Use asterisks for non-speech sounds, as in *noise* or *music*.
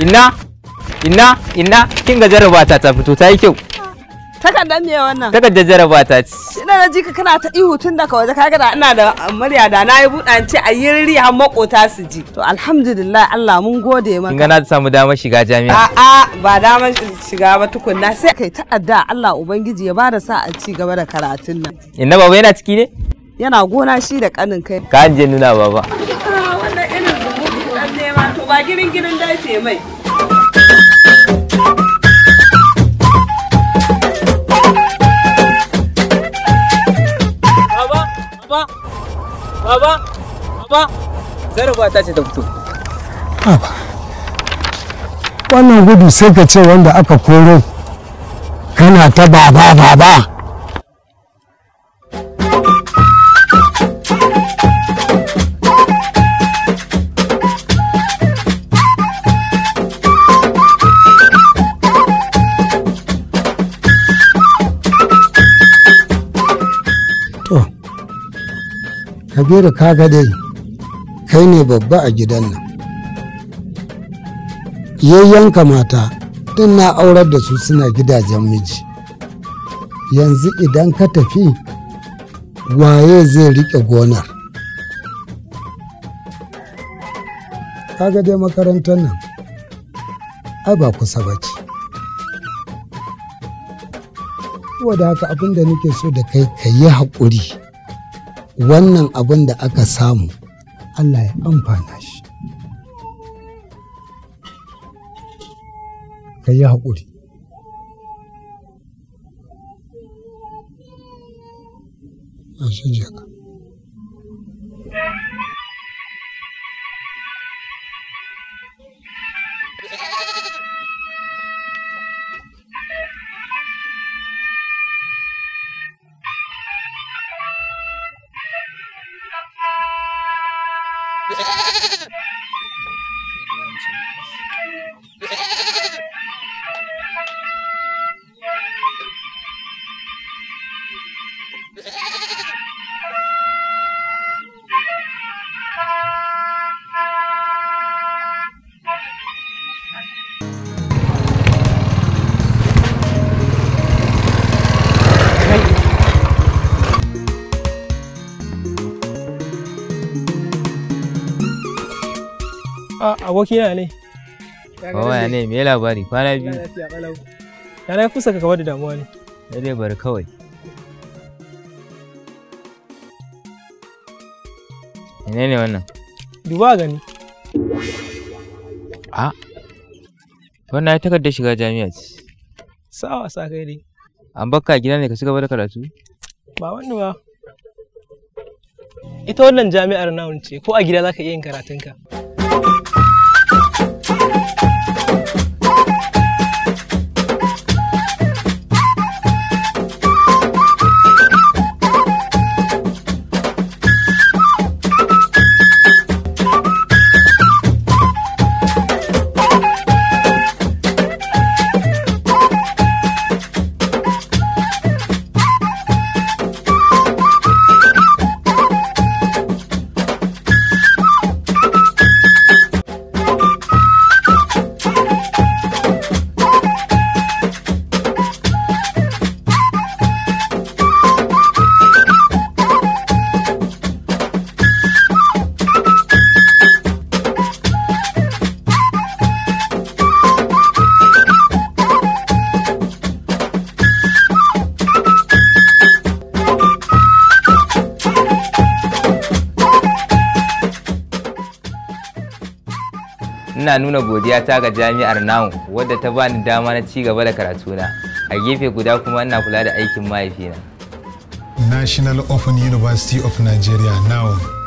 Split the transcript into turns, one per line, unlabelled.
Inna, inna, inna, kin ga jarabata ta fito ta yi kyau. Takardar me wannan? Takardar jarabata ci. Ina na ji ka kana ta ihu tun daga waje kaga da ina da amarya da na yi buɗa ce a yi riri har makota su ji. To alhamdulillah Allah mun gode maka. Kin ga na samu damar shiga jami'a. A'a ba damar shiga ba tukunna sai kai ta adda Allah ubangiji ya bada sa a ci gaba da karatun nan. Inna baba yana ciki ne? Yana gona shi da kanin kai. Ka je nuna baba.
Lalle ma to ba
girin girin dace mai. Baba, baba, baba, baba, zarafa ta ce ta fito.
Wannan gudu sai ka ce wanda aka koro kana ta baba baba. kabiru kaga dai kai ne babba a gidan nan yayyanka mata din na aurar da su suna gidajen miji yanzu idan ka tafi waye zai riƙe gonar kaga dai makarantar nan ai ba kusa ba ce wadda haka abin da nake so da kai ka yi haƙuri wannan abin da aka samu Allah ya amfana shi ka yi haƙuri a shi jaka *laughs* doing some
A abokina ne. Kawaya ne me labari kwana biyu. Ya na kusa ka kawar da damuwa ne. Dai bari kawai. Mene ne wannan? Duba gani. A wannan ya takardar shiga jami'a ce. Sawa sa kai dai. An bakka gida ne ka ci gaba da karatu? Ba wanda ba. Ita wannan jami'ar nawun ce ko a gida za ka iya yin karatunka. ina nuna godiyata ga jami'ar namu wadda ta bani dama na cigaba da karatuna a gefe guda kuma ina kula da aikin mahaifina
national open university of nigeria now